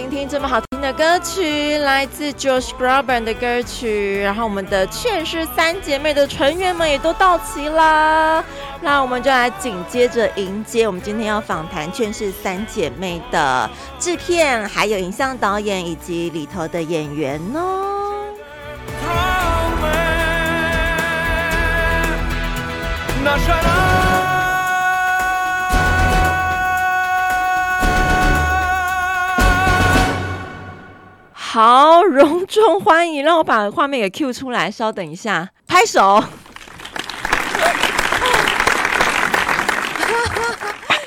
聆聽這麼好聽的歌曲，來自 George Brabben 的歌曲，然後我們的《勸世三姐妹》的成員們也都到齊了，那我們就來緊接着迎接我們今天要訪談《勸世三姐妹》的製片，還有影像導演以及裡頭的演員哦。好，隆重歡迎！讓我把畫面給 Q 出來，稍等一下，拍手！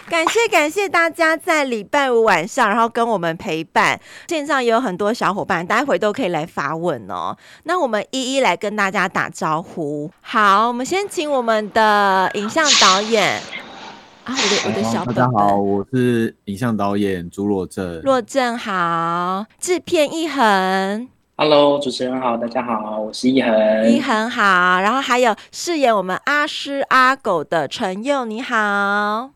感謝感謝大家在禮拜五晚上，然後跟我們陪伴。線上也有很多小夥伴，待會都可以來發問哦。那我們一一來跟大家打招呼。好，我們先請我們的影像導演。啊！我的小的小本本，大家好，我是影像導演朱洛正。洛正好。製片易衡。Hello，主持人好，大家好，我是易衡。易衡好。然後還有飾演我們阿師阿狗的承祐，你好。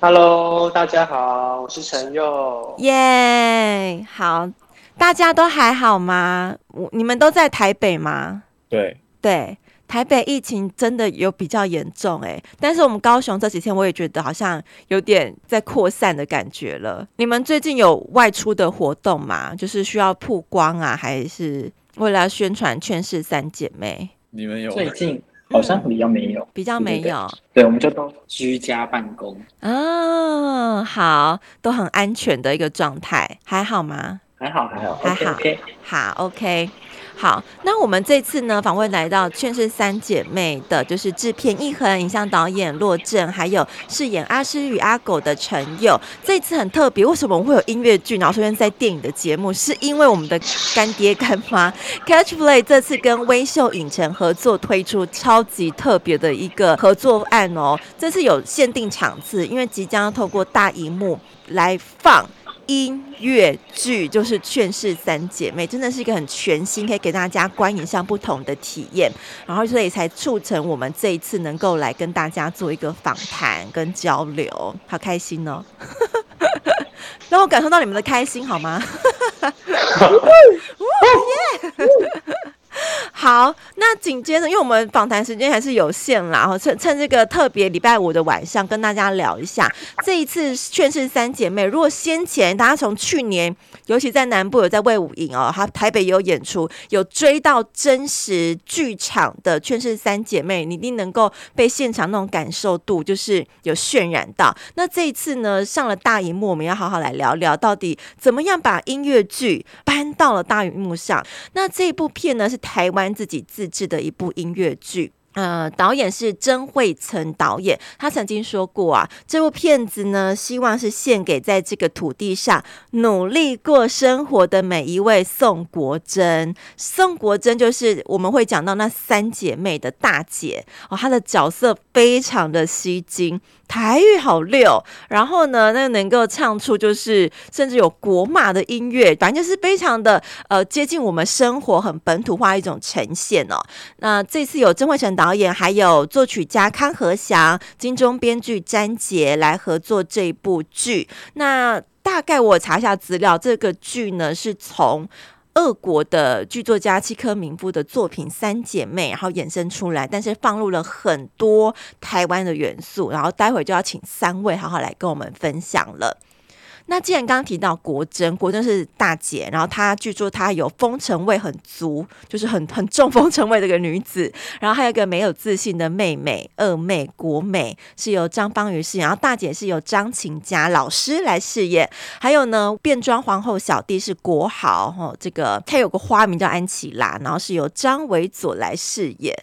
Hello，大家好，我是承祐。耶、yeah，好，大家都還好嗎？我你們都在台北嗎？對，對。台北疫情真的有比較嚴重哎、欸，但是我們高雄這幾天我也覺得好像有點在擴散的感覺了。你們最近有外出的活動嗎？就是需要曝光啊，還是為了要宣傳《勸世三姊妹》？你們有最近好像比較沒有，嗯、比較沒有對對對。對，我們就都居家辦公哦。好，都很安全的一個狀態，還好嗎？還好，還好，還好，okay, okay. 好，OK。好，那我們這次呢，訪問來到《勸世三姐妹》的，就是制片易衡、影像導演洛正，還有飾演阿詩與阿狗的承祐。這次很特別，為什麼我們會有音樂劇？然後出現在電影的節目，是因為我們的乾爹乾媽 Catch Play 這次跟威秀影城合作推出超級特別的一個合作案哦。這次有限定場次，因為即將要透過大熒幕來放。音樂劇就是《勸世三姐妹》，真的是一個很全新，可以給大家觀影上不同的體驗，然後所以才促成我們這一次能夠來跟大家做一個訪談跟交流，好開心哦！讓 我感受到你們的開心好嗎？ oh, yeah! 好，那緊接着，因為我們訪談時間還是有限啦，然後趁趁這個特別禮拜五的晚上，跟大家聊一下。這一次《勸世三姊妹》，如果先前大家從去年，尤其在南部有在衛武營哦，喔，還有台北也有演出，有追到真實劇場的《勸世三姊妹》，你一定能夠被現場那種感受度，就是有渲染到。那這一次呢，上了大熒幕，我們要好好來聊聊，到底怎麼樣把音樂劇搬到了大熒幕上？那這一部片呢，是台灣。自己自製的一部音樂劇，呃，導演是曾慧誠導演，他曾經說過啊，這部片子呢，希望是獻給在這個土地上努力過生活的每一位宋國珍。宋國珍就是我們會講到那三姐妹的大姐哦，她的角色非常的吸睛。台語好溜，然後呢，那能夠唱出就是，甚至有國馬的音樂，反正就是非常的呃接近我們生活，很本土化的一種呈現哦、喔。那這次有曾慧誠導演，還有作曲家康和祥、金鐘編劇詹傑來合作這部劇。那大概我查一下資料，這個劇呢是從俄國的劇作家契訶明夫的作品《三姐妹》，然後衍生出來，但是放入了很多台灣的元素，然後待會就要請三位好好來跟我們分享了。那既然剛剛提到國珍，國珍是大姐，然後她據說她有風塵味很足，就是很很重風塵味的一個女子。然後還有一個沒有自信的妹妹，二妹國美是由張芳瑜飾演，然後大姐是由張晴佳老師來飾演。還有呢，變裝皇后小弟是國豪，吼、哦，這個他有個花名叫安琪拉，然後是由張維佐來飾演。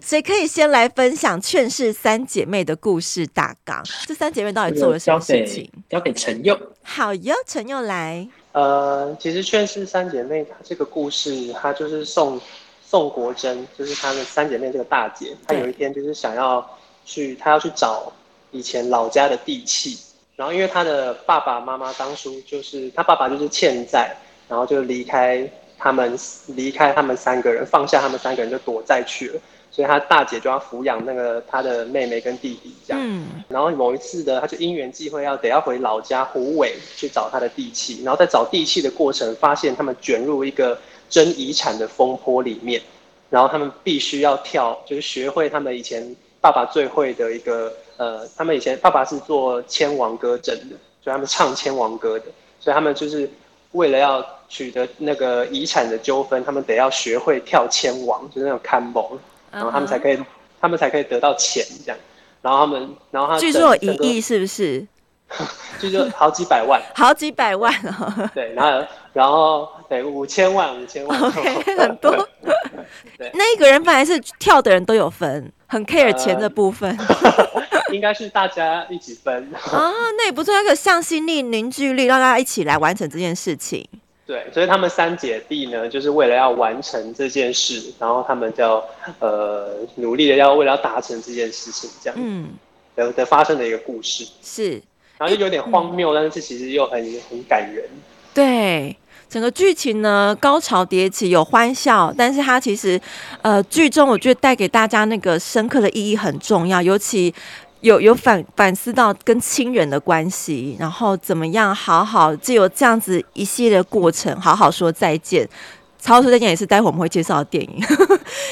所以可以先來分享《勸世三姐妹》的故事大綱，這三姐妹到底做了什麼事情？交給，交給陳佑。好喲，陳又，又來。呃，其實《勸世三姐妹》她這個故事，她就是宋宋國珍，就是她的三姐妹這個大姐。她有一天就是想要去，她要去找以前老家的地契。然後因為她的爸爸媽媽當初就是她爸爸就是欠債，然後就離開他們，離開他們三個人，放下他們三個人就躲債去了。所以他大姐就要撫養那個他的妹妹跟弟弟，這樣，嗯。然後某一次的，他就因緣際會要得要回老家湖北去找他的地契。然後在找地契的過程，發現他們捲入一個爭遺產的風波裡面，然後他們必須要跳，就是學會他們以前爸爸最會的一個，呃，他們以前爸爸是做牽亡歌陣的，所以他們唱牽亡歌的，所以他們就是為了要取得那個遺產的糾紛，他們得要學會跳牽亡，就是那種牽亡然後他們才可以，uh -huh. 他們才可以得到錢，這樣。然後他們，然後他據說有一億是不是呵呵？據說好幾百萬， 好幾百萬哦。對， 對，然後，然後對，五千萬，五千萬，OK， 很多。對，對對，那一個人本來是跳的人都有分，很 care 錢的部分。呃、 應該是大家一起分啊、 哦，那也不錯，有、那個向心力、凝聚力，讓大家一起來完成這件事情。對，所以他們三姐弟呢，就是為了要完成這件事，然後他們就呃努力的要為了要達成這件事情，這樣，嗯、的的發生的一個故事。是，然後就有點荒謬，嗯、但是其實又很很感人。對，整個劇情呢，高潮迭起，有歡笑，但是它其實，呃，劇中我覺得帶給大家那個深刻的意義很重要，尤其。有有反反思到跟親人的關係，然後怎麼樣好好就有這樣子一系列過程，好好說再見。好好說再見也是待會我們會介紹的電影。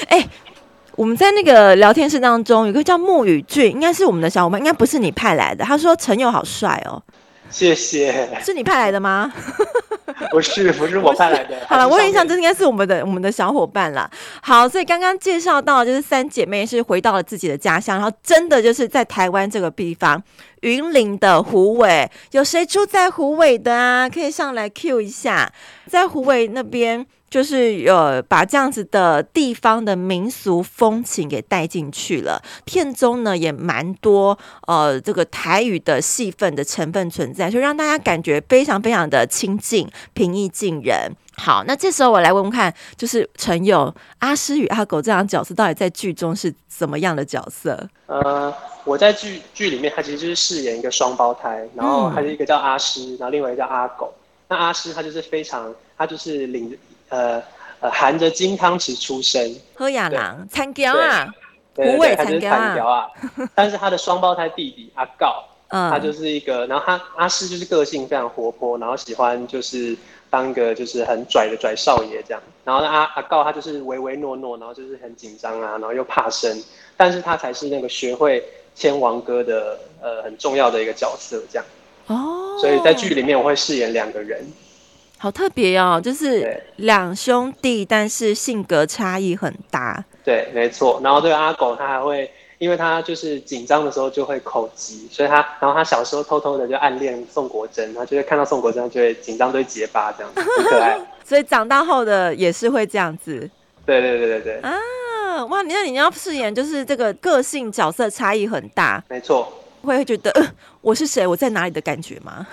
哎、 欸，我們在那個聊天室當中有個叫沐雨俊，應該是我們的小伙伴，應該不是你派來的。他說承祐好帥哦，謝謝，是你派來的嗎？ 不是，不是我派來的。好了，我有印象，這應該是我們的我們的小夥伴了。好，所以剛剛介紹到，就是三姐妹是回到了自己的家鄉，然後真的就是在台灣這個地方，雲林的虎尾，有誰住在虎尾的啊？可以上來 Q 一下，在虎尾那邊。就是有把這樣子的地方的民俗風情給帶進去了。片中呢也蠻多呃，這個台語的戲份的成分存在，就讓大家感覺非常非常的親近、平易近人。好，那這時候我來問問看，就是承祐阿詩與阿狗這樣角色到底在劇中是怎麼樣的角色？呃，我在劇劇裡面，他其實就是飾演一個雙胞胎，然後他是一個叫阿詩，然後另外一個叫阿狗。嗯、那阿詩他就是非常，他就是領。呃呃，含着金湯匙出生，喝雅狼，參腳啊，不會參腳啊。是啊 但是他的雙胞胎弟弟阿告，嗯，他就是一個，然後他阿詩就是個性非常活潑，然後喜歡就是當一個就是很拽的拽少爺這樣。然後阿阿告他就是唯唯諾諾，然後就是很緊張啊，然後又怕生。但是他才是那個學會牽亡歌的呃很重要的一個角色這樣。哦，所以在劇裡面我會飾演兩個人。哦好特別哦，就是兩兄弟，但是性格差異很大。對，沒錯。然後這個阿狗，他還會，因為他就是緊張的時候就會口吃，所以他，然後他小時候偷偷的就暗戀宋國珍，他就會看到宋國珍他就會緊張，對結巴這樣子， 很可愛。所以長大後的也是會這樣子。對對對對對,對。啊，哇！那你,你要飾演就是這個個性角色差異很大，沒錯。會覺得、呃、我是誰，我在哪裡的感覺嗎？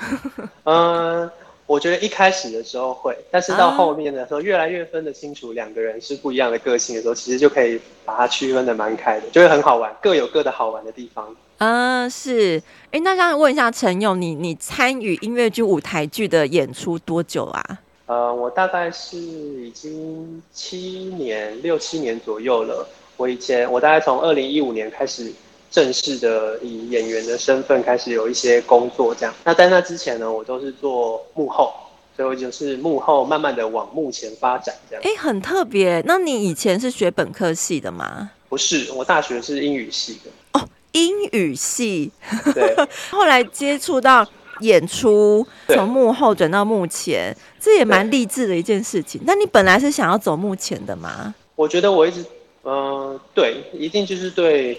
嗯 呃。我覺得一開始的時候會，但是到後面的時候，越來越分得清楚兩個人是不一樣的個性的時候，啊、其實就可以把它區分得蠻開的，就是很好玩，各有各的好玩的地方。嗯，是。欸、那想問一下承祐，你你參與音樂劇舞台劇的演出多久啊？呃，我大概是已經七年六七年左右了。我以前我大概從二零一五年開始。正式的以演員的身份開始有一些工作，這樣。那在那之前呢，我都是做幕後，所以我就是幕後慢慢的往幕前發展，這樣。哎、欸，很特別。那你以前是學本科系的嗎？不是，我大學是英語系的。哦，英語系， 對，後來接觸到演出，從幕後轉到幕前，這也蠻勵志的一件事情。那你本來是想要走幕前的嗎？我覺得我一直，嗯、呃，對，一定就是對。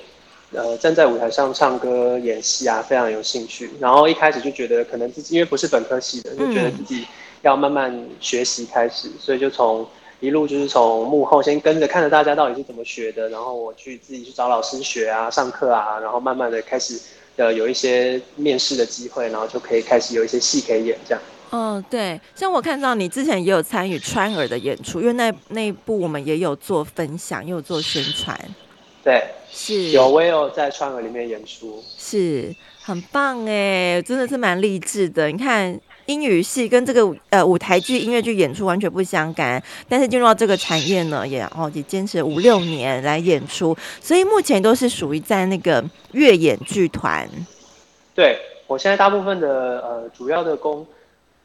呃，站在舞台上唱歌、演戲啊，非常有興趣。然後一開始就覺得，可能自己因為不是本科系的，就覺得自己要慢慢學習開始。嗯，所以就從一路就是從幕後先跟着看着大家到底是怎麼學的，然後我去自己去找老師學啊、上課啊，然後慢慢的開始，呃，有一些面試的機會，然後就可以開始有一些戲可以演這樣。嗯，對，像我看到你之前也有參與釧兒的演出，因為那那一部我們也有做分享，也有做宣傳。對，是有，我有在川河裡面演出，是很棒，哎，真的是蠻勵志的。你看，英語系跟這個呃舞台劇、音樂劇演出完全不相干，但是進入到這個產業呢，也哦也堅持五六年來演出，所以目前都是屬於在那個躍演劇團。對，我現在大部分的呃主要的工。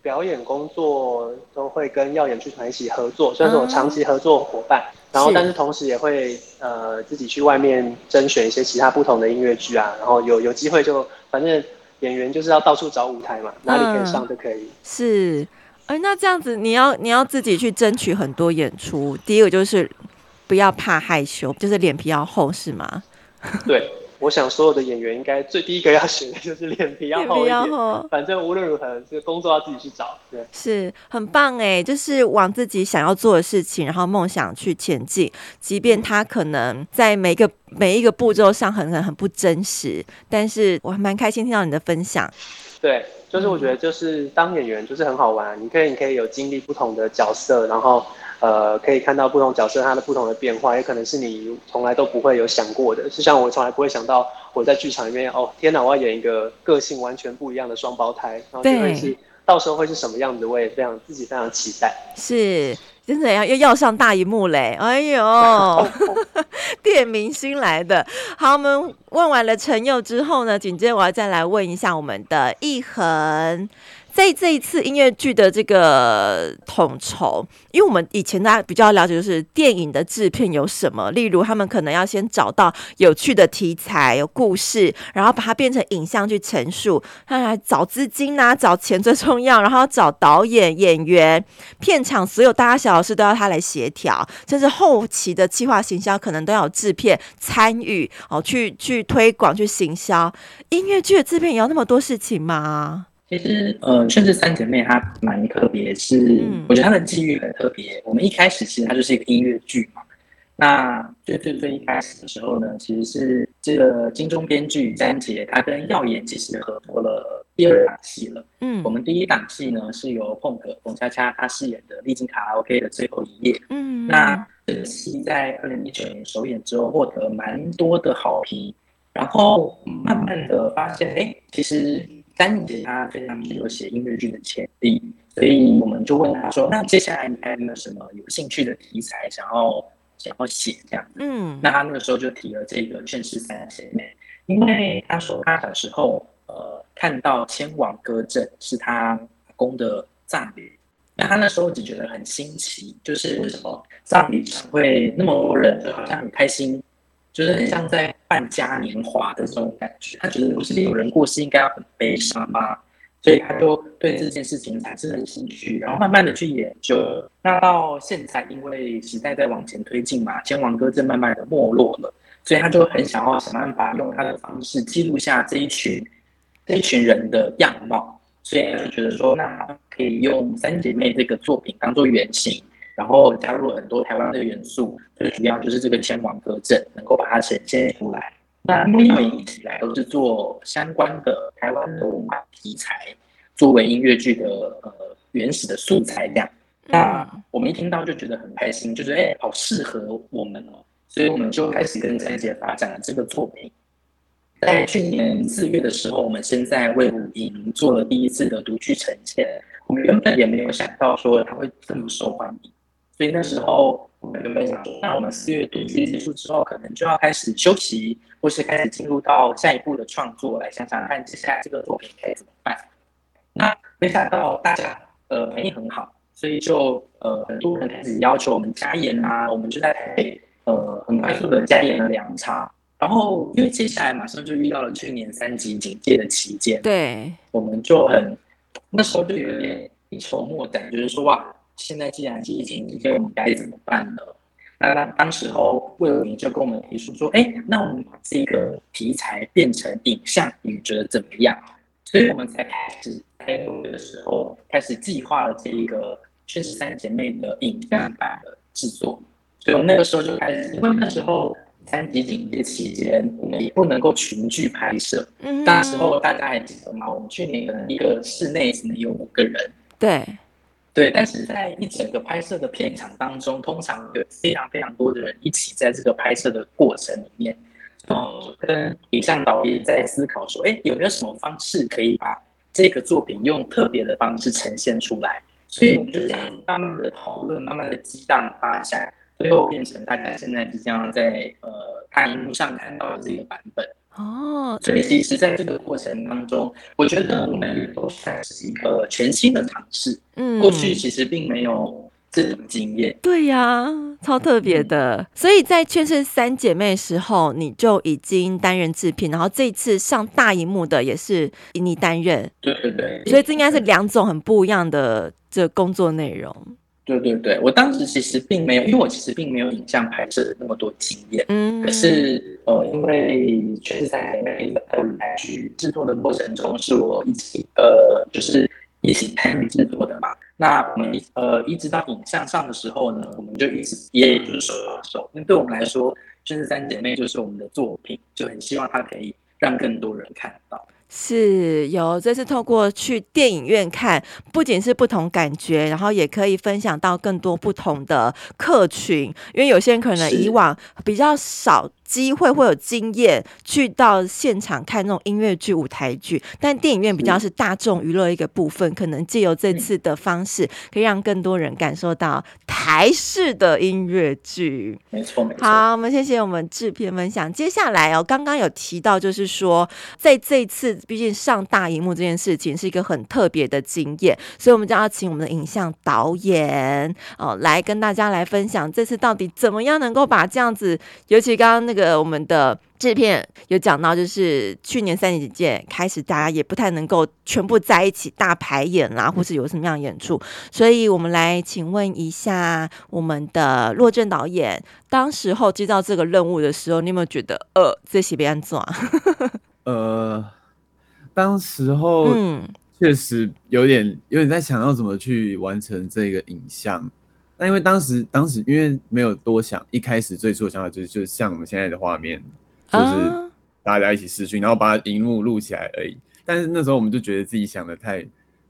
表演工作都會跟躍演劇團一起合作，雖然是我長期合作伙伴，嗯。然後，但是同時也會呃自己去外面甄選一些其他不同的音樂劇啊，然後有有機會就反正演員就是要到處找舞台嘛，哪裡可以上都可以。嗯、是，哎、欸，那這樣子你要你要自己去爭取很多演出。第一個就是不要怕害羞，就是臉皮要厚，是嗎？對。我想所有的演員應該最第一個要學的就是臉皮要厚一點，臉皮要厚，反正無論如何，這個工作要自己去找，對。是很棒哎、欸，就是往自己想要做的事情，然後夢想去前進，即便他可能在每一個每一個步驟上很很很不真實，但是我還蠻開心聽到你的分享。對，就是我覺得就是當演員就是很好玩，嗯、你可以你可以有經歷不同的角色，然後。呃，可以看到不同角色他的不同的變化，也可能是你從來都不會有想過的。就像我從來不會想到我在劇場裡面，哦，天哪，我要演一個個性完全不一樣的雙胞胎，然後真的是到時候會是什麼樣子，我也非常自己非常期待。是，真的要又要上大螢幕嘞、欸，哎呦，電 明星來的。好，我們問完了承祐之後呢，緊接着我要再來問一下我們的易衡。在這，這一次音樂劇的這個統籌，因為我們以前大家比較了解，就是電影的制片有什麼，例如他們可能要先找到有趣的題材，有故事，然後把它變成影像去陳述，他來找資金吶，啊，找錢最重要，然後找導演，演員，片場所有大小事都要他來協調，甚至後期的計劃行銷可能都要有制片參與，哦，去去推廣去行銷。音樂劇的制片也要那麼多事情嗎？其實，呃，勸世三姊妹她蠻特別，是、嗯、我覺得她的際遇很特別。我們一開始其實她就是一個音樂劇嘛，那最最最一開始的時候呢，其實是這個金鐘編劇詹杰，他跟躍演其實合作了第二檔戲了。嗯，我們第一檔戲呢是由澎哥、澎恰恰她飾演的麗晶卡拉 OK 的最後一頁。嗯，那這個戲在二零一九年首演之後獲得蠻多的好評，然後慢慢的發現，哎，其實。詹傑他非常有寫音樂劇的潛力，嗯，所以我們就問他說：“嗯，那接下來你還有沒有什麼有興趣的題材想要想要寫這樣？”嗯，那他那個時候就提了這個《勸世三姊妹》，因為他說他小時候呃看到牽亡歌陣是他公的葬禮，嗯，那他那時候只覺得很新奇，就是為什麼葬禮上會那麼多人，好像很開心，嗯，就是很像在。辦嘉年華的這種感覺，他覺得不是有人過世應該要很悲傷嗎？所以他就對這件事情產生了興趣，然後慢慢的去研究。那到現在，因為時代在往前推進嘛，牽亡歌陣慢慢的沒落了，所以他就很想要想辦法用他的方式記錄下這一群這一群人的樣貌，所以就覺得說，那可以用三姐妹這個作品當做原型。然後加入了很多台灣的元素，最主要就是這個牽亡歌陣能夠把它呈現出來。那因為一直以來都是做相關的台灣的文化題材，作為音樂劇的呃原始的素材量、嗯。那我們一聽到就覺得很開心，就是哎，好適合我們哦，所以我們就開始跟詹傑發展了這個作品。在去年四月的時候，我們現在衛武營做了第一次的讀劇呈現。我們原本也沒有想到說它會這麼受歡迎。所以那時候有沒有想說，那我們四月底季結束之後，可能就要開始休息，或是開始進入到下一步的創作，來想想看接下來這個作品該怎麼辦？那沒想到大家呃反應很好，所以就呃很多人開始要求我們加演啊，我們就在台北呃很快速的加演了兩場。然後因為接下來馬上就遇到了去年三級警戒的期間，對，我們就很那時候就有點一籌莫展，就是說哇。現在既然疫情期間，我們該怎麼辦呢？那當當時候魏文明就跟我們提出說：“哎、欸，那我們把這個題材變成影像，你覺得怎麼樣？”所以我們才開始開錄的時候，開始計劃了這個《勸世三姊妹》的影像版的制作。所以，我們那個時候就開始，因為那時候三級警戒期間，我們也不能夠群聚拍攝。嗯，那時候大家還記得嗎？我們去年可能一個室內只能有五個人。對。對，但是在一整個拍攝的片場當中，通常有非常非常多的人一起在這個拍攝的過程裡面，然、嗯、後跟影像導演在思考說：“哎，有沒有什麼方式可以把這個作品用特別的方式呈現出來？”所以我們就想慢慢的討論，慢慢的激盪的發展，最後變成大家現在即將在呃大熒幕上看到的這個版本。哦、oh，所以其實在這個過程當中，我覺得我們也都算是一個全新的嘗試，嗯，過去其實並沒有這種經驗。對呀、啊，超特別的。嗯、所以在《圈生三姐妹》時候，你就已經擔任製片，然後這一次上大熒幕的也是以你擔任，對對的。所以這應該是兩種很不一樣的這工作內容。對對對，我當時其實並沒有，因為我其實並沒有影像拍攝那麼多經驗。嗯，可是呃，因為勸世三姊妹在那個舞台製作的過程中，是我一起呃，就是一起參與製作的嘛。那我們呃，一直到影像上的時候呢，我們就一直也就是手把手。那對我們來說，勸世三姊妹，就是我們的作品，就很希望它可以讓更多人看到。是有，這是透過去電影院看，不僅是不同感覺，然後也可以分享到更多不同的客群，因為有些人可能以往比較少。機會會有經驗去到現場看那種音樂劇、舞台劇，但電影院比較是大眾娛樂一個部分，可能借由這次的方式，可以讓更多人感受到台式的音樂劇。沒錯，好，我們先謝謝我們製片分享。接下來哦，剛剛有提到，就是說在這次，畢竟上大螢幕這件事情是一個很特別的經驗，所以我們就要請我們的影像導演哦來跟大家來分享，這次到底怎麼樣能夠把這樣子，尤其剛剛那個這個我們的制片有講到，就是去年三級警戒開始，大家也不太能夠全部在一起大排演啦，或是有什麼樣的演出，所以我們來請問一下我們的洛正導演，當時候接到這個任務的時候，你有沒有覺得呃這是別人做啊？ 呃，當時候嗯確實有點有點在想要怎麼去完成這個影像。那因為當時，當時因為沒有多想，一開始最初的想法就是，就像我們現在的畫面，就是大家一起視訊，然後把它熒幕錄起來而已。但是那時候我們就覺得自己想得太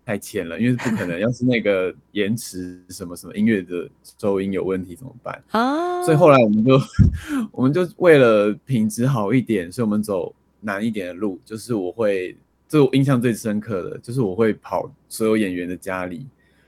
太淺了，因為不可能，要是那個延遲什麼什麼音樂的收音有問題怎麼辦啊？ 所以後來我們就，我們就為了品質好一點，所以我們走難一點的路，就是我會，這我印象最深刻的就是我會跑所有演員的家裡。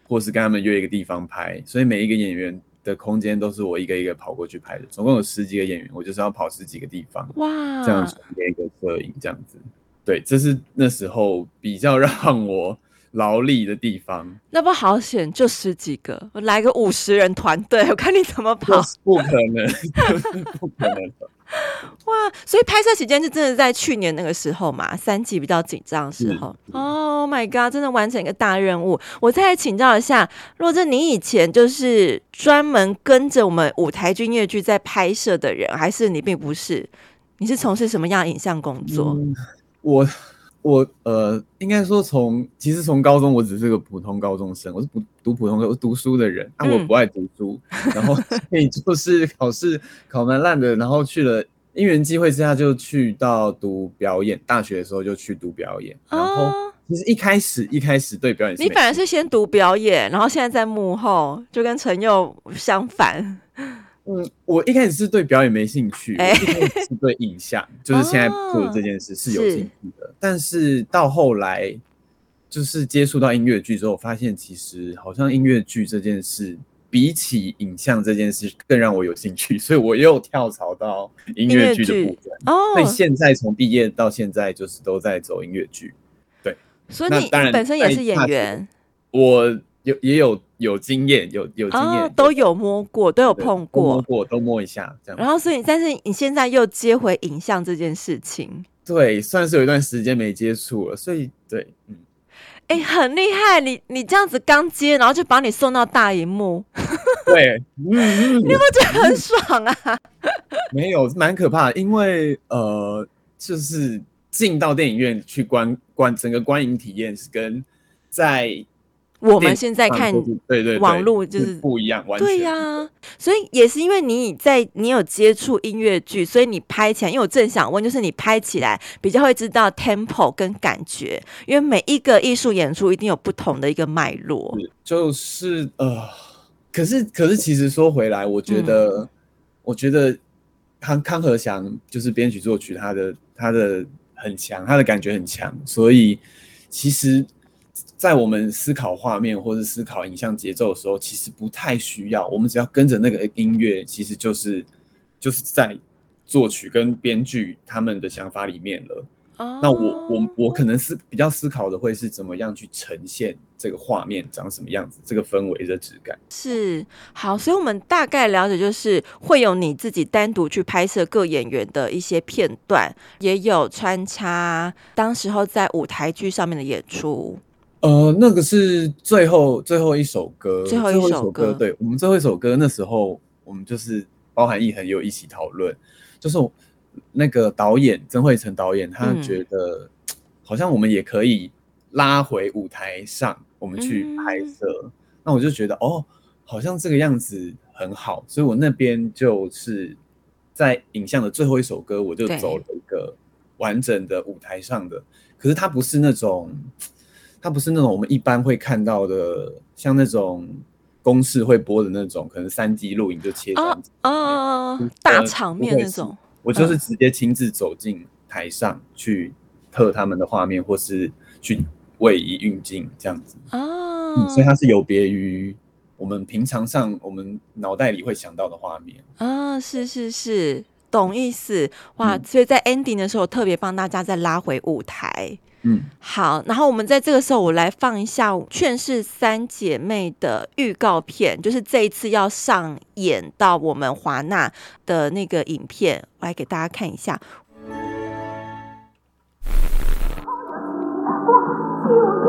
或是跟他們約一個地方拍，所以每一個演員的空間都是我一個一個跑過去拍的。總共有十幾個演員，我就是要跑十幾個地方，哇，這樣每一個攝影這樣子，對，這是那時候比較讓我勞力的地方。那不好險，就十幾個，我來個五十人團隊，我看你怎麼跑？不可能，不可能的。 哇，所以拍攝時間是真的在去年那個時候嘛？三級比較緊張的時候。Oh my god，真的完成一個大任務。我再來請教一下，洛正，你以前就是專門跟着我們舞台劇、音樂劇在拍攝的人，還是你並不是？你是從事什麼樣影像工作？嗯、我。我呃，應該說從其實從高中，我只是個普通高中生，我是不讀普通書讀書的人啊，但我不愛讀書，嗯、然後所以就是考試 考蠻爛的，然後去了因緣機會之下就去到讀表演，大學的時候就去讀表演，哦、然後其實一開始一開始對表演，你反而是先讀表演，然後現在在幕後就跟承祐相反。嗯，我一開始是對表演沒興趣，欸、一開始是對影像， 就是現在做這件事是有興趣的、哦。但是到後來，就是接觸到音樂劇之後，發現其實好像音樂劇這件事比起影像這件事更讓我有興趣，所以我又跳槽到音樂劇的部分。哦，所以現在從畢業到現在就是都在走音樂劇。對，所以你當然本身也是演員，我。有也有有經驗，有有經驗、啊，都有摸過，都有碰過，摸過都摸一下這樣。然後所以，但是你現在又接回影像這件事情，對，算是有一段時間沒接觸了，所以對，嗯，哎、欸，很厲害，你你這樣子剛接，然後就把你送到大熒幕，對， 你有沒有覺得很爽啊？沒有，蠻可怕的，因為呃，就是進到電影院去觀觀整個觀影體驗是跟在。我們現在看對，對，網路就是不一樣，對呀、啊，所以也是因為你在你有接觸音樂劇，所以你拍起來。因為我正想問，就是你拍起來比較會知道 tempo 跟感覺，因為每一個藝術演出一定有不同的一個脈絡，就是呃，可是可是其實說回來，我覺得、嗯、我覺得康康和祥就是編曲作曲他，他的他的很強，他的感覺很強，所以其實。在我們思考畫面或是思考影像節奏的時候，其實不太需要。我們只要跟着那個音樂，其實就是就是在作曲跟編劇他們的想法裡面了。哦、那我我我可能是比較思考的會是怎麼樣去呈現這個畫面長什麼樣子，這個氛圍的質感。是，好，所以我們大概了解就是會有你自己單獨去拍攝各演員的一些片段，也有穿插當時候在舞台劇上面的演出。呃，那個是最後最後，最後一首歌，最後一首歌，對，歌對，歌對我們最後一首歌，嗯、那時候我們就是包含易衡又一起討論，就是那個導演曾慧誠導演，他覺得、嗯、好像我們也可以拉回舞台上，我們去拍攝。嗯、那我就覺得哦，好像這個樣子很好，所以我那邊就是在影像的最後一首歌，我就走了一個完整的舞台上的，可是他不是那種。它不是那種我們一般會看到的，像那種公式會播的那種，可能三 D 錄影就切這哦哦哦大場面那種。我就是直接親自走進台上去特他們的畫面、啊，或是去位移運鏡這樣子。哦、啊嗯、所以它是有別於我們平常上我們腦袋裡會想到的畫面。啊，是是是，懂意思。哇，嗯、所以在 ending 的時候特別幫大家再拉回舞台。嗯，好，然後我們在這個時候，我來放一下《勸世三姐妹》的預告片，就是這一次要上演到我們華納的那個影片，我來給大家看一下。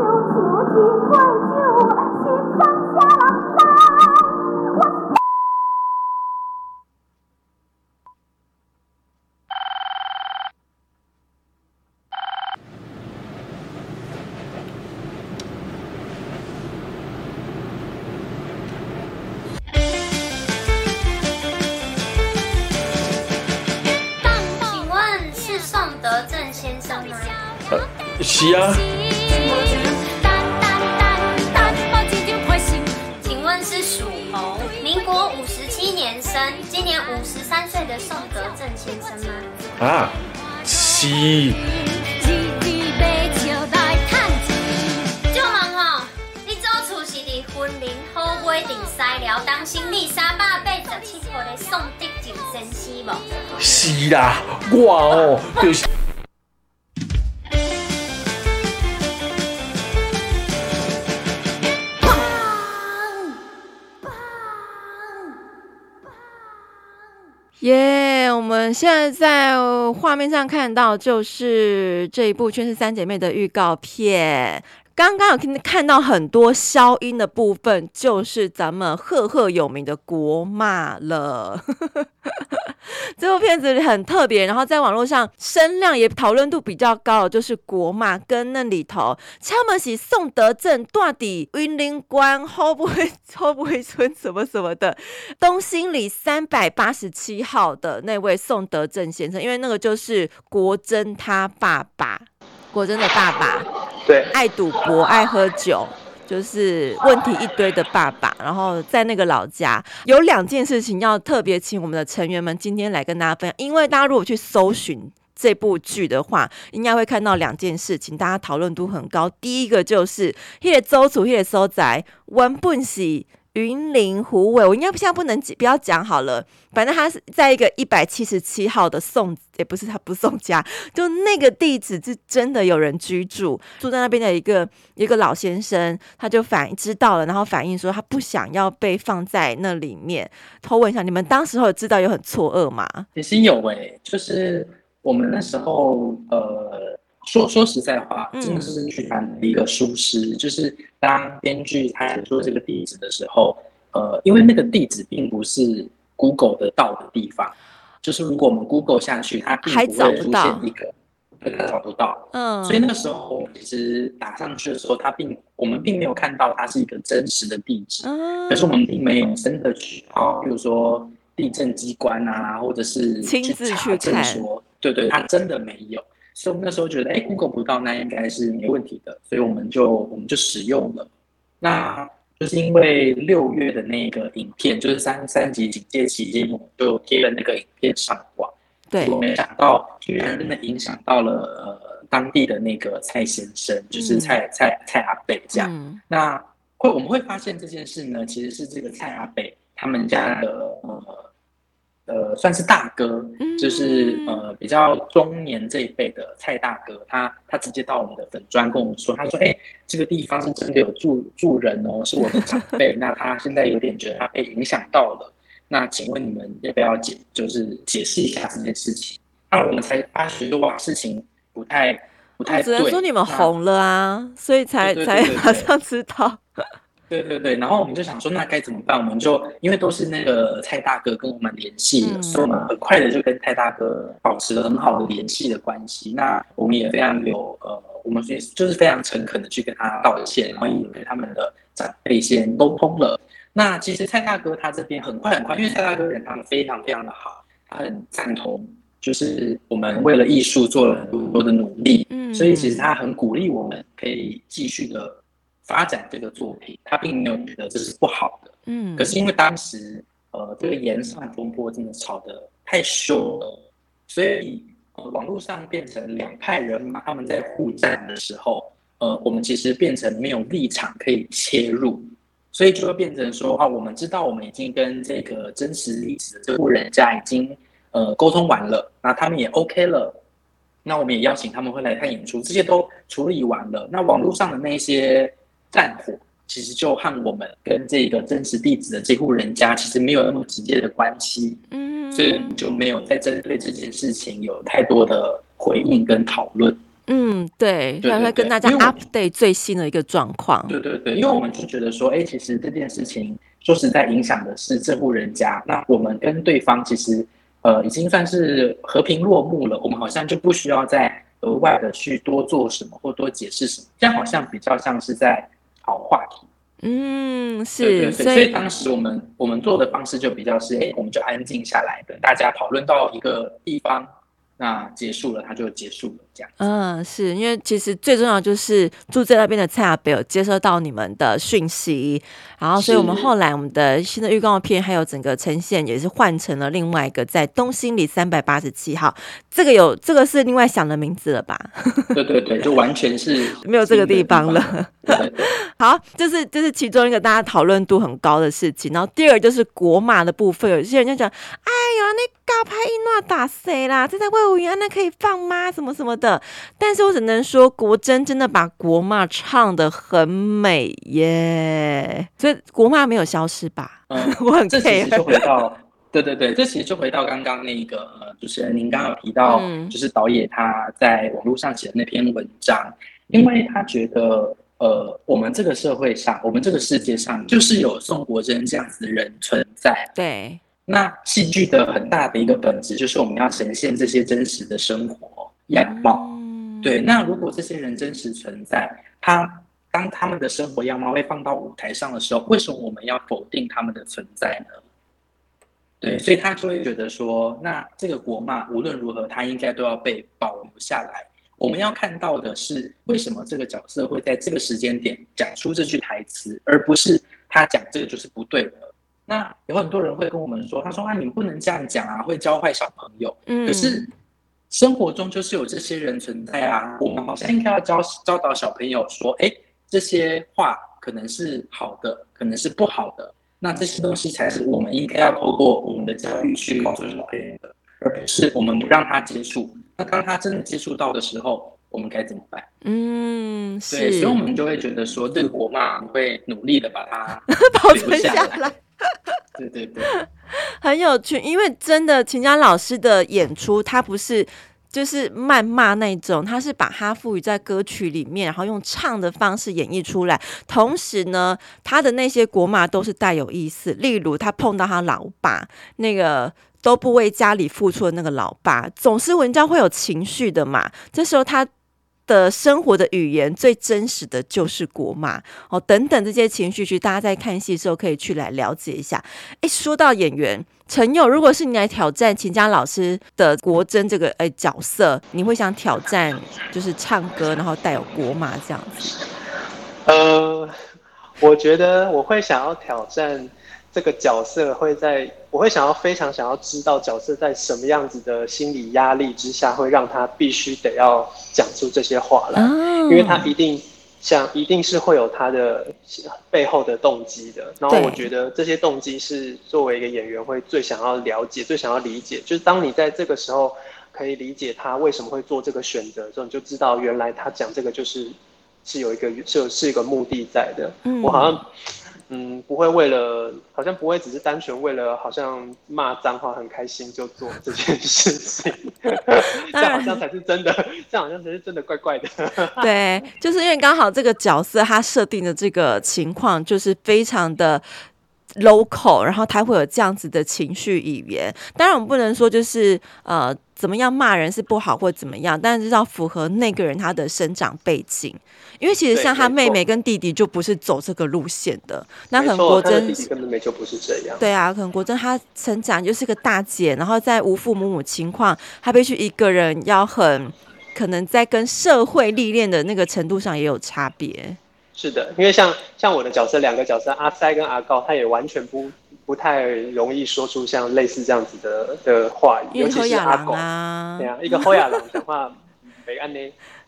是啊。請問是屬猴，民國五十七年生，今年五十三歲的宋德正先生嗎？啊，是、啊。哦、就問哦，你祖厝是佇雲林好美定西寮，當心你三百八十七號的宋德正先生無？是啦，我哦耶、yeah,！我們現在在畫面上看到，就是這一部《勸世三姊妹》的預告片。剛剛有聽看到很多消音的部分，就是咱們赫赫有名的國罵了。 這部片子很特別，然後在網絡上聲量也討論度比較高，就是國罵跟那裡頭敲門喜宋德正到底雲林關後不會後不會說什麼什麼的東興里三百八十七號的那位宋德正先生，因為那個就是國珍他爸爸，國珍的爸爸。對，愛賭博、愛喝酒，就是問題一堆的爸爸。然後在那個老家，有兩件事情要特別請我們的成員們今天來跟大家分享。因為大家如果去搜尋這部劇的話，應該會看到兩件事情，大家討論度很高。第一個就是，那個周楚，那個收宅，完不是。雲林虎尾，我應該現在不能不要講好了。反正他是在一個一百七十七號的宋，也、欸、不是他不是宋家，就那個地址是真的有人居住，住在那邊的一個一個老先生，他就反映知道了，然後反映說他不想要被放在那裡面。偷問一下，你們當時候知道有很錯愕嗎？也是有哎，就是我們那時候呃。說說實在話，嗯、真的是的一個疏失，嗯，就是當編劇他寫出這個地址的時候，呃，因為那個地址並不是 Google 得到的地方，就是如果我們 Google 下去，它並不會出現一個，找不，找不到，嗯，所以那個時候我們其實打上去的時候，它並我們並沒有看到它是一個真實的地址，嗯，可是我們並沒有真的去，然後比如說地震機關啊，或者是去查證說，對對，他真的沒有。所以那時候覺得，哎、欸，Google 不到，那應該是沒問題的，所以我們就我們就使用了。那就是因為六月的那個影片，就是三三級警戒期間，我們就貼了那個影片上網。對。我沒想到居然真的影響到了呃當地的那個蔡先生，就是蔡、嗯、蔡、蔡、蔡阿貝這樣。那會我們會發現這件事呢，其實是這個蔡阿貝他們家的呃。呃，算是大哥，嗯、就是呃比較中年這一輩的蔡大哥，他他直接到我們的粉專跟我們說，他說，哎、欸，這個地方是真的有住住人哦，是我的長輩。 那他現在有點覺得他被影響到了，那請問你們要不要解，就是解釋一下這件事情？那、啊、我們才發覺，哇，事情不太不太對，只能說你們紅了啊，所以才對對對對對對，才馬上知道。對對對，然後我們就想說，那該怎麼辦？我們就因為都是那個蔡大哥跟我們聯繫的時候，所以我們很快的就跟蔡大哥保持了很好的聯繫的關係。那我們也非常有呃，我們所以就是非常誠懇的去跟他道歉，然後也跟他們的長輩先溝通通了。那其實蔡大哥他這邊很快很快，因為蔡大哥人他們非常非常的好，他很贊同，就是我們為了藝術做了很多的努力，嗯，所以其實他很鼓勵我們可以繼續的。發展這個作品，他並沒有覺得這是不好的，嗯，可是因為當時，呃，這個炎上風波真的吵得太兇了，所以，哦，網絡上變成兩派人馬，他們在互戰的時候，呃，我們其實變成沒有立場可以切入，所以就會變成說，啊，我們知道我們已經跟這個真實歷史的這戶人家已經呃溝通完了，那他們也 OK 了，那我們也邀請他們會來看演出，這些都處理完了，那網絡上的那些。戰火其實就和我們跟這個真實地址的這戶人家其實沒有那麼直接的關係，嗯，所以就沒有再針對這件事情有太多的回應跟討論。嗯，對，還會跟大家 update 最新的一個狀況。對對對，因為我們就覺得說，哎、欸，其實這件事情說實在影響的是這戶人家，那我們跟對方其實呃已經算是和平落幕了，我們好像就不需要再額外的去多做什麼或多解釋什麼，這樣好像比較像是在。話題，嗯，是對對對所，所以當時我們我們做的方式就比較是，哎，我們就安靜下來的，大家討論到一個地方，那結束了，它就結束了，這樣。嗯，是因為其實最重要就是住在那邊的蔡亞北有接收到你們的訊息，然後所以我們後來我們的新的預告片還有整個呈現也是換成了另外一個在東興裡三百八十七號，這個有這個是另外想的名字了吧？對對對，就完全是沒有這個地方了。 好，這、就是就是其中一個大家討論度很高的事情。然後第二就是國罵的部分，有些人就講：“哎呀，你搞拍一諾打誰啦？這在衛武營那可以放嗎？什麼什麼的。”但是我只能說，國珍真的把國罵唱得很美耶，所以國罵沒有消失吧？嗯、 我很這其實就回到 對對對，這其實就回到剛剛那個主持人您剛剛提到，就是導演他在網絡上寫的那篇文章，嗯、因為他覺得。呃，我們這個社會上，我們這個世界上，就是有宋國珍這樣子的人存在。對，那戲劇的很大的一個本質，就是我們要呈現這些真實的生活樣貌。嗯，對。那如果這些人真實存在，他當他們的生活樣貌被放到舞台上的時候，為什麼我們要否定他們的存在呢？對，所以他就會覺得說，那這個國罵無論如何，他應該都要被保留下來。我們要看到的是，為什麼這個角色會在這個時間點講出這句台詞，而不是他講這個就是不對的。那有很多人會跟我們說，他說：“啊，你不能這樣講啊，會教壞小朋友。”可是生活中就是有這些人存在啊，我們好像應該要教教導小朋友說：“哎，這些話可能是好的，可能是不好的，那這些東西才是我們應該要透過我們的教育去告訴小朋友的，而不是我們不讓他接觸。”當他真的接觸到的時候，我們該怎麼辦？嗯，對是，所以我們就會覺得說，對國罵，我們會努力的把它 保存下來。 對對對， 很有趣，因為真的秦佳老師的演出，他不是。就是謾罵那種,他是把他賦予在歌曲裡面，然後用唱的方式演繹出來。同時呢，他的那些國罵都是帶有意思，例如他碰到他老爸，那個都不為家裡付出的那個老爸，總是文章會有情緒的嘛。這時候他的生活的語言最真實的就是國罵哦，等等這些情緒，去大家在看戲的時候可以去來了解一下。誒，說到演員。承祐，如果是你來挑戰秦家老師的國珍這個誒、欸、角色，你會想挑戰就是唱歌，然後帶有國罵這樣子？呃，我覺得我會想要挑戰這個角色，會在我會想要非常想要知道角色在什麼樣子的心理壓力之下，會讓他必須得要講出這些話來、哦，因為他一定。想一定是會有他的背後的動機的，然後我覺得這些動機是作為一個演員會最想要了解、最想要理解。就是當你在這個時候可以理解他為什麼會做這個選擇的時候，你就知道原來他講這個就是是有一個是有是一個目的在的。嗯、我好像。嗯，不會為了好像不會只是單純為了好像罵髒話很開心就做這件事情， 這樣好像才是真的，這樣好像才是真的怪怪的。對，就是因為剛好這個角色他設定的這個情況就是非常的。local，然後他會有這樣子的情緒語言。當然，我們不能說就是呃怎麼樣罵人是不好或怎麼樣，但是要符合那個人他的生長背景。因為其實像他妹妹跟弟弟就不是走這個路線的。那宋國珍、弟弟跟妹妹就不是這樣。對啊，宋國珍他成長就是個大姐，然後在無父無母情況，他必須一個人要很可能在跟社會歷練的那個程度上也有差別。是的，因為像像我的角色，兩個角色阿塞跟阿高，他也完全不不太容易說出像類似這樣子的的話語，尤其是阿高，啊，對啊，一個後亞人的話 沒安呢。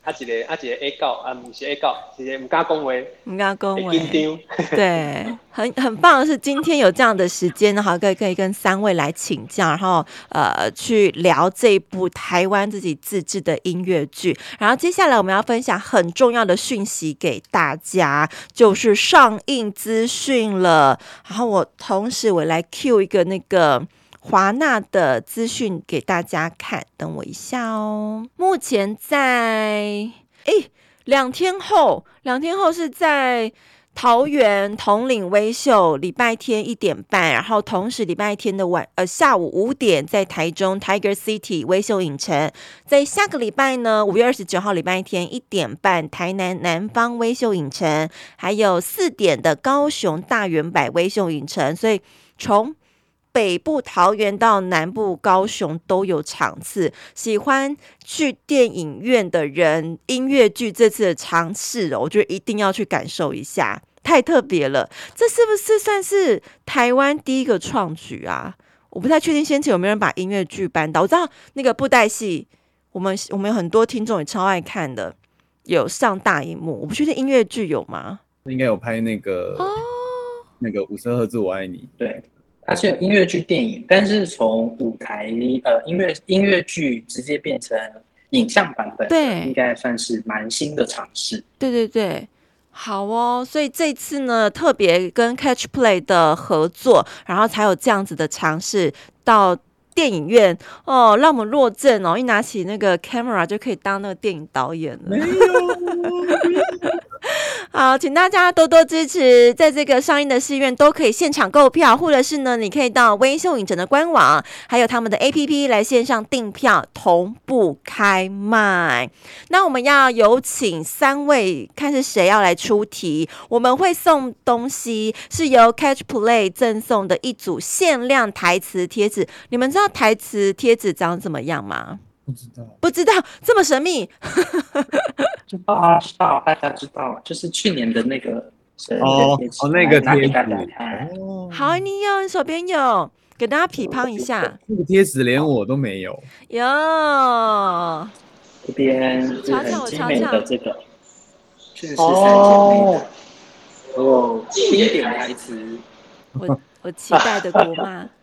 阿杰咧，阿、啊、杰 A 告啊，唔是 A 告，直接唔加工，維，唔加恭維， 對，很很棒的是今天有這樣的時間，好可以可以跟三位來請教，然後呃去聊這一部台灣自己自製的音樂劇，然後接下來我們要分享很重要的訊息給大家，就是上映資訊了，然後我同時我來 cue 一個那個。華納的資訊給大家看，等我一下哦。目前在，哎、欸，兩天後，兩天後是在桃園統領威秀，禮拜天一點半，然後同時禮拜天的晚，呃，下午五點在台中 Tiger City 威秀影城，在下個禮拜呢，五月二十九號禮拜天一點半，台南南紡威秀影城，還有四點的高雄大遠百威秀影城，所以從。北部桃園到南部高雄都有場次，喜歡去電影院的人，音樂劇這次的嘗試哦，我覺得一定要去感受一下，太特別了。這是不是算是台灣第一個創舉啊？我不太確定，先前有沒有人把音樂劇搬到，我知道那個布袋戲，我們我們有很多聽眾也超愛看的，有上大熒幕。我不確定音樂劇有嗎？應該有拍那個哦，那個五十二赫茲我愛你。對。它是有音樂劇電影，但是從舞台呃音樂音樂劇直接變成影像版本，對，應該算是蠻新的嘗試。對對對，好哦，所以這次呢，特別跟 CATCHPLAY 的合作，然後才有這樣子的嘗試到。電影院哦，讓我們洛正哦！一拿起那個 camera 就可以當那個電影導演了。沒有，沒有 好，請大家多多支持，在這個上映的戲院都可以現場購票，或者是呢，你可以到威秀影城的官網，還有他們的 A P P 來線上訂票，同步開賣。那我們要有請三位，看是誰要來出題，我們會送東西，是由 Catch Play 贈送的一組限量台詞貼紙，你們知道。那台詞貼紙長怎麼樣嗎？不知道，不知道這麼神秘。 知道啊，知道、啊，大家知道、啊，就是去年的那個哦哦那個貼紙、哦。好，你有，你手邊有，給大家匹碰一下。哦那個貼紙連我都沒有。喲、哦，這邊，瞧瞧我瞧瞧這個，確實是三姐妹的。哦，七點台詞，我我期待的國罵。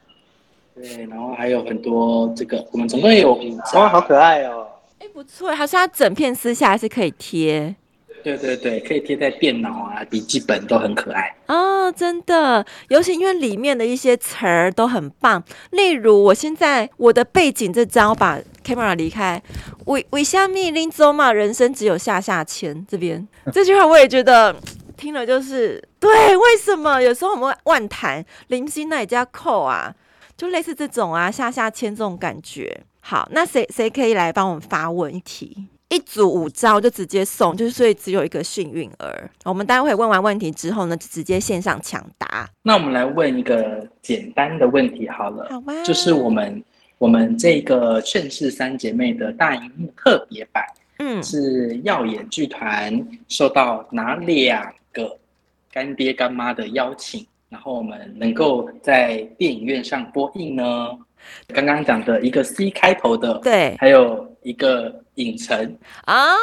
對，然後還有很多這個，我們總共有五十、嗯啊啊、好可愛哦！哎、欸，不錯，好像整片撕下來是可以貼。對對對，可以貼在電腦啊、筆記本都很可愛。哦，真的，尤其因為裡面的一些詞兒都很棒，例如我現在我的背景這張，我把 camera 離開，違違下命令走嘛，人生只有下下籤。這邊 這句話我也覺得聽了就是對，為什麼有時候我們會亂談零星那一家扣啊？就類似這種啊，下下籤這種感覺。好，那誰誰可以來幫我們發問題？一組五招就直接送，就是所以只有一個幸運兒。我們待會問完問題之後呢，就直接線上搶答。那我們來問一個簡單的問題好了，好嗎？就是我們我們這個《勸世三姊妹》的大熒幕特別版，嗯，是躍演劇團受到哪兩個乾爹乾媽的邀請？然後我們能夠在電影院上播映呢？剛剛講的一個 C 開頭的，對，還有一個影城哦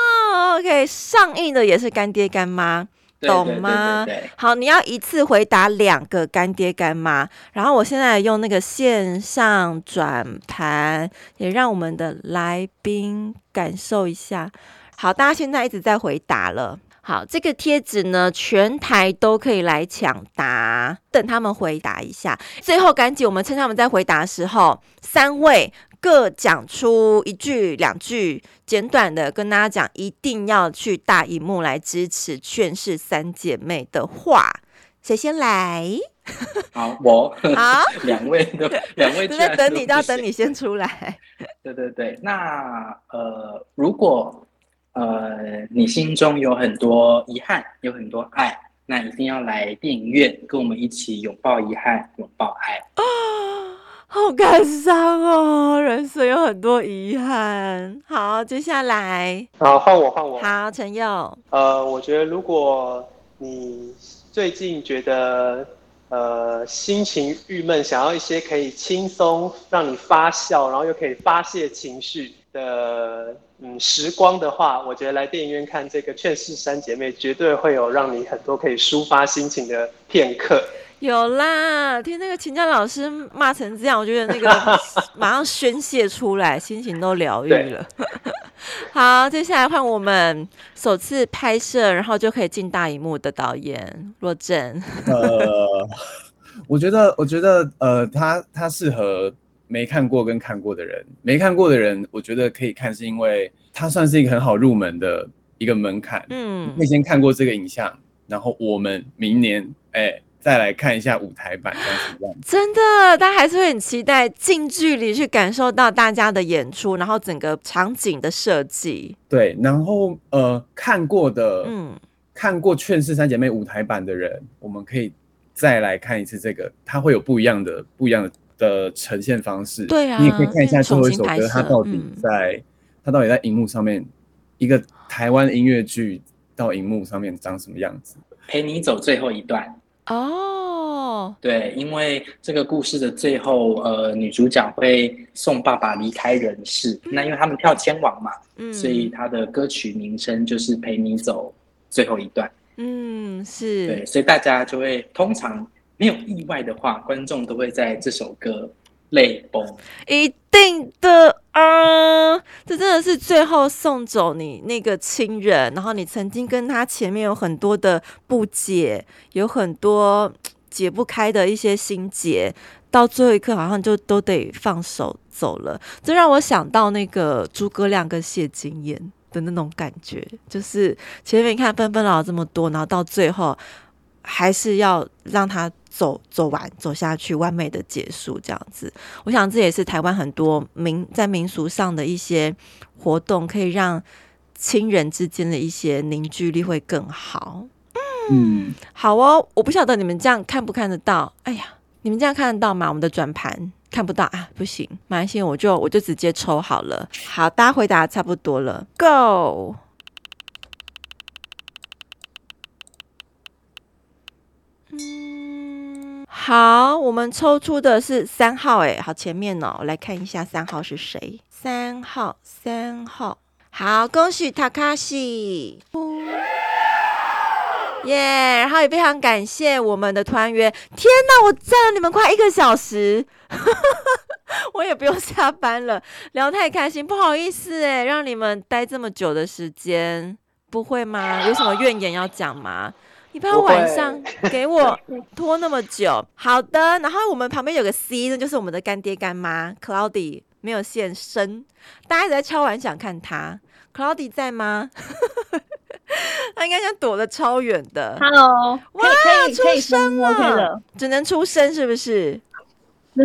，oh, OK，上映的也是《乾爹乾媽》對對對對對對，懂嗎？好，你要一次回答兩個《乾爹乾媽》。然後我現在用那個線上轉盤，也讓我們的來賓感受一下。好，大家現在一直在回答了。好，這個貼紙呢，全台都可以來搶答。等他們回答一下，最後趕緊我們趁他們在回答的時候，三位各講出一句兩句簡短的，跟大家講，一定要去大熒幕來支持勸世三姊妹的話。誰先來？好，我。 好 兩位兩位在 等你，都要等你先出來。對對對，那呃，如果。呃，你心中有很多遺憾，有很多愛，那一定要來電影院跟我們一起擁抱遺憾，擁抱愛。啊，好感傷哦，人生有很多遺憾。好，接下來，好換我，換我。好，承祐。呃，我覺得如果你最近覺得呃心情鬱悶，想要一些可以輕鬆讓你發笑，然後又可以發洩情緒。呃，嗯，時光的話，我覺得來電影院看這個《勸世三姐妹》，絕對會有讓你很多可以抒發心情的片刻。有啦，聽那個秦家老師罵成這樣，我覺得那個 馬上宣洩出來， 心情都療癒了。 好，接下來換我們首次拍攝，然後就可以進大熒幕的導演洛正。呃，我覺得，我覺得，呃，他他適合。沒看過跟看過的人，沒看過的人，我覺得可以看，是因為它算是一個很好入門的一個門檻。嗯，你可以先看過這個影像，然後我們明年哎、欸、再來看一下舞台版，怎麼樣子？真的，大家還是會很期待近距離去感受到大家的演出，然後整個場景的設計。對，然後呃，看過的，嗯，看過《勸世三姐妹》舞台版的人，我們可以再來看一次這個，它會有不一樣的、不一樣的。的呈現方式，對。啊，你也可以看一下最後一首歌，它到底在，嗯，它到底在熒幕上面，一個台灣音樂劇到熒幕上面長什麼樣子？陪你走最後一段哦，oh. 對，因為這個故事的最後，呃，女主角會送爸爸離開人世，mm -hmm. 那因為他們跳牽亡嘛，mm -hmm. 所以他的歌曲名稱就是陪你走最後一段。嗯，是對，所以大家就會通常。沒有意外的話，觀眾都會在這首歌淚崩，一定的啊！這真的是最後送走你那個親人，然後你曾經跟他前面有很多的不解，有很多解不開的一些心結，到最後一刻好像就都得放手走了。這讓我想到那個諸葛亮跟謝金燕的那種感覺，就是前面你看紛紛擾擾這麼多，然後到最後還是要讓他。走走完走下去，完美的結束這樣子。我想這也是台灣很多民在民俗上的一些活動，可以讓親人之間的一些凝聚力會更好。嗯，好哦，我不曉得你們這樣看不看得到。哎呀，你們這樣看得到嗎？我們的轉盤看不到啊，不行，馬來我就我就直接抽好了。好，大家回答差不多了，Go。好，我們抽出的是三號、欸，哎，好前面哦、喔，我來看一下三號是誰。三號，三號，好，恭喜 Takashi，耶！Yeah, 然後也非常感謝我們的團員。天哪，我站了你們快一個小時， 我也不用下班了，聊太開心，不好意思哎、欸，讓你們待這麼久的時間，不會嗎？有什麼怨言要講嗎？你把晚上給我拖那麼久， 好的。然後我們旁邊有個 C，那就是我們的乾爹乾媽 Cloudy，沒有現身。大家一直在敲碗想看他，Cloudy 在嗎？他 應該像躲得超遠的。Hello，哇，出生了，了，只能出生是不是？對，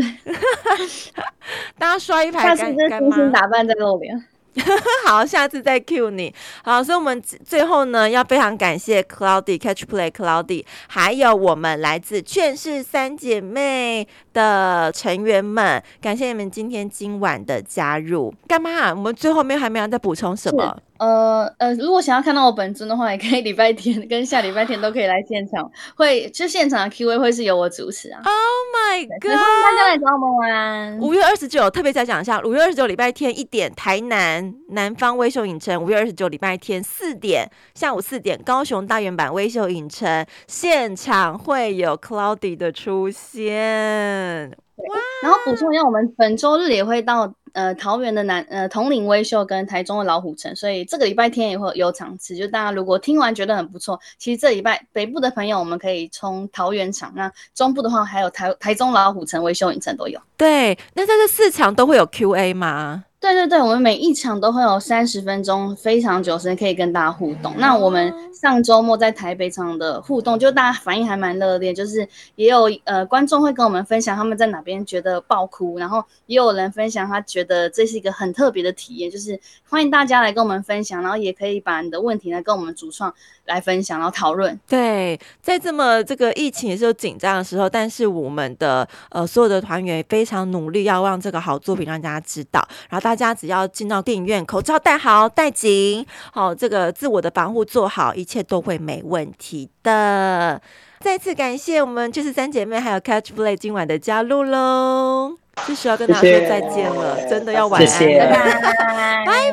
大家刷一排乾爹乾媽打扮在露面。 好，下次再 cue 你。好，所以我們最後呢，要非常感謝 Cloudy CATCHPLAY Cloudy，還有我們來自勸世三姐妹的成員們，感謝你們今天今晚的加入。幹嘛啊？我們最後面還沒有再補充什麼？呃呃，如果想要看到我本尊的話，也可以禮拜天跟下禮拜天都可以來現場，會就現場的 Q&A 會是由我主持啊。Oh my god！歡迎大家來找我們玩。五月二十九，特別再講一下，五月二十九禮拜天一點，台南南紡威秀影城；五月二十九禮拜天四點，下午四點，高雄大遠百威秀影城現場會有 Cloudy 的出現。對，然後補充一下，我們本周日也會到呃桃園的南呃統領威秀跟台中的老虎城，所以這個禮拜天也會有場次。就大家如果聽完覺得很不錯，其實這禮拜北部的朋友我們可以從桃園場，那中部的話還有台台中老虎城、威秀影城都有。對，那在這四場都會有 Q&A 嗎？對對對，我們每一場都會有三十分鐘，非常久時間可以跟大家互動。那我們上周末在台北場的互動，就大家反應還蠻熱烈，就是也有呃觀眾會跟我們分享他們在哪邊覺得爆哭，然後也有人分享他覺得這是一個很特別的體驗，就是歡迎大家來跟我們分享，然後也可以把你的問題呢跟我們主創來分享，然後討論。對，在這麼這個疫情也是有緊張的時候，但是我們的呃所有的團員非常努力，要讓這個好作品讓大家知道，然後大。大家只要進到電影院，口罩戴好、戴緊，好、哦、這個自我的防護做好，一切都會沒問題的。再次感謝我們就是三姐妹還有 Catch Play 今晚的加入嘍，就是要跟大家說再見了。謝謝，真的要晚安了，拜拜，拜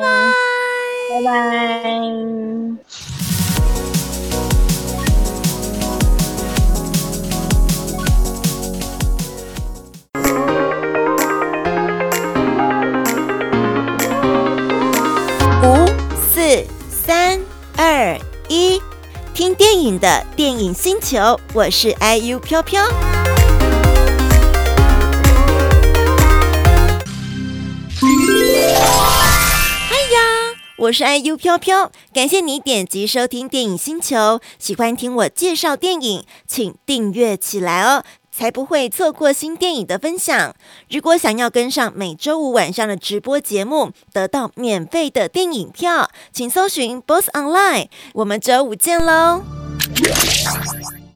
拜，拜拜。Bye bye 三二一，聽電影的電影星球，我是 I U 飄飄。哎呀，我是 I U 飄飄，感謝你點擊收聽電影星球，喜歡聽我介紹電影，請訂閱起來哦。才不會錯過新電影的分享。如果想要跟上每周五晚上的直播節目，得到免費的電影票，請搜尋 BOSS Online。我們周五見嘍！